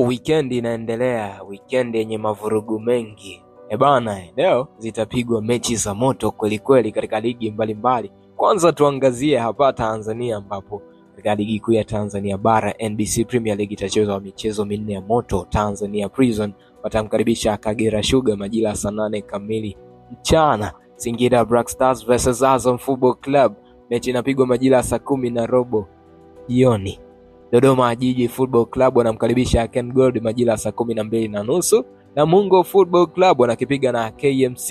Wikendi inaendelea, weekend yenye mavurugu mengi ebana. Leo zitapigwa mechi za moto kwelikweli katika ligi mbalimbali mbali. Kwanza tuangazie hapa Tanzania ambapo katika ligi kuu ya Tanzania bara NBC Premier League itachezwa michezo minne ya moto. Tanzania Prison watamkaribisha Kagera Sugar majira ya saa nane kamili mchana. Singida Black Stars versus Azam Football Club, mechi inapigwa majira ya saa kumi na robo jioni. Dodoma Jiji Football Club wanamkaribisha Ken Gold majira saa kumi na mbili na nusu na Mungo Football Club wanakipiga na KMC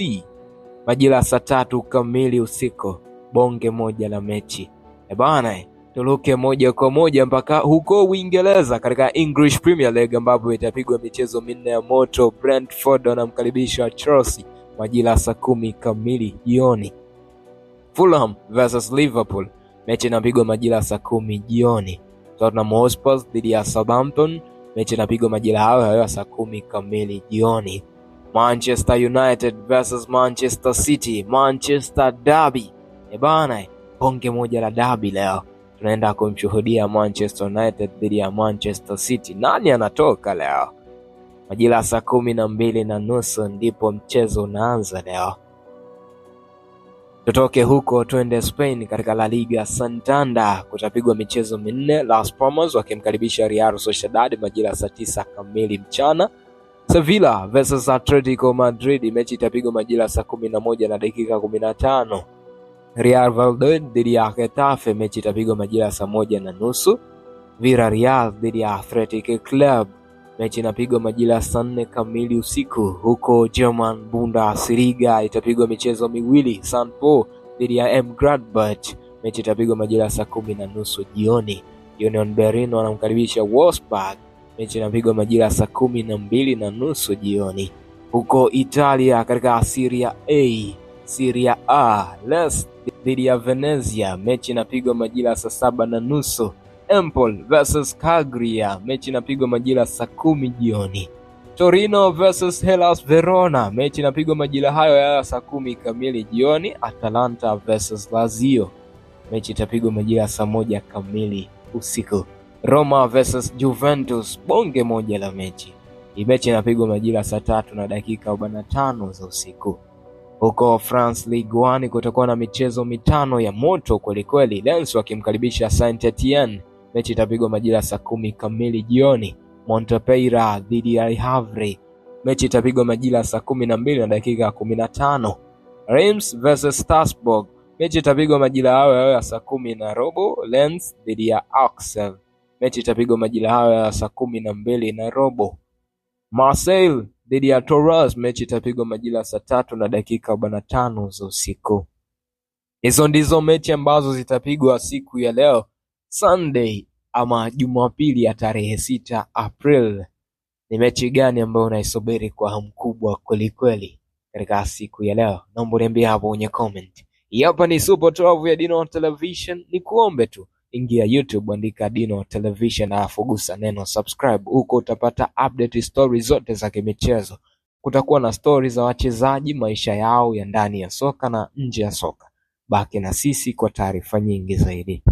majira saa tatu kamili usiku, bonge moja la mechi. E bana, turuke moja kwa moja mpaka huko Uingereza katika English Premier League ambapo itapigwa michezo minne ya moto. Brentford wanamkaribisha Chelsea majira saa kumi kamili jioni. Fulham versus Liverpool mechi inapigwa majira saa kumi jioni tukawa Hotspur dhidi ya Southampton. Mechi inapigwa majira hayo hayo saa kumi kamili jioni. Manchester United versus Manchester City, Manchester Derby. E bana, bonge moja la derby leo tunaenda kumshuhudia Manchester United dhidi ya Manchester City. Nani anatoka leo? Majira saa kumi na mbili na nusu ndipo mchezo unaanza leo. Tutoke huko twende Spain katika La Liga Santander kutapigwa michezo minne, Las Palmas wakimkaribisha Real Sociedad majira ya saa tisa kamili mchana. Sevilla versus Atletico Madrid, mechi itapigwa majira saa kumi na moja na dakika kumi na tano. Real Valladolid dhidi ya Getafe, mechi itapigwa majira saa moja na nusu. Villarreal dhidi ya Athletic Club Mechi inapigwa majira ya saa nne kamili usiku huko German Siriga, Itapigwa michezo miwili, St. Pauli dhidi ya M Gladbach. Mechi itapigwa majira ya saa kumi na nusu jioni. Union Berlin wanamkaribisha Wolfsburg. Mechi inapigwa majira ya saa kumi na mbili na nusu jioni huko Italia, katika Serie A. Serie A, Lecce dhidi ya Venezia. Mechi inapigwa majira ya saa saba na nusu Empoli versus Cagliari, mechi inapigwa majira saa kumi jioni. Torino versus Hellas Verona, mechi inapigwa majira hayo ya saa kumi kamili jioni. Atalanta versus Lazio, mechi itapigwa majira saa moja kamili usiku. Roma versus Juventus, bonge moja la mechi. Hii mechi inapigwa majira saa tatu na dakika 45 tano za usiku. Huko France Ligue 1 kutakuwa na michezo mitano ya moto kwelikweli. Lens wakimkaribisha Saint Etienne Mechi itapigwa majira saa kumi kamili jioni, Montepeira dhidi ya Havre. Mechi itapigwa majira saa kumi na mbili na dakika kumi na tano. Reims versus Strasbourg. Mechi itapigwa majira hayo hayo ya saa kumi na robo. Lens dhidi ya Auxerre. Mechi itapigwa majira hayo ya saa kumi na mbili na robo. Marseille dhidi ya Toulouse. Mechi itapigwa majira ya saa tatu na dakika arobaini na tano za usiku. Hizo ndizo mechi ambazo zitapigwa siku ya leo Sunday ama Jumapili ya tarehe sita April ni mechi gani ambayo unaisubiri kwa hamu kubwa kwelikweli katika siku ya leo? Naomba uniambie hapo kwenye comment. hapa ni Super 12 ya Dino Television. Ni kuombe tu ingia YouTube, andika Dino Television alafu gusa neno subscribe. Huko utapata update story zote za kimichezo. Kutakuwa na stori za wachezaji, maisha yao ya ndani ya soka na nje ya soka. Baki na sisi kwa taarifa nyingi zaidi.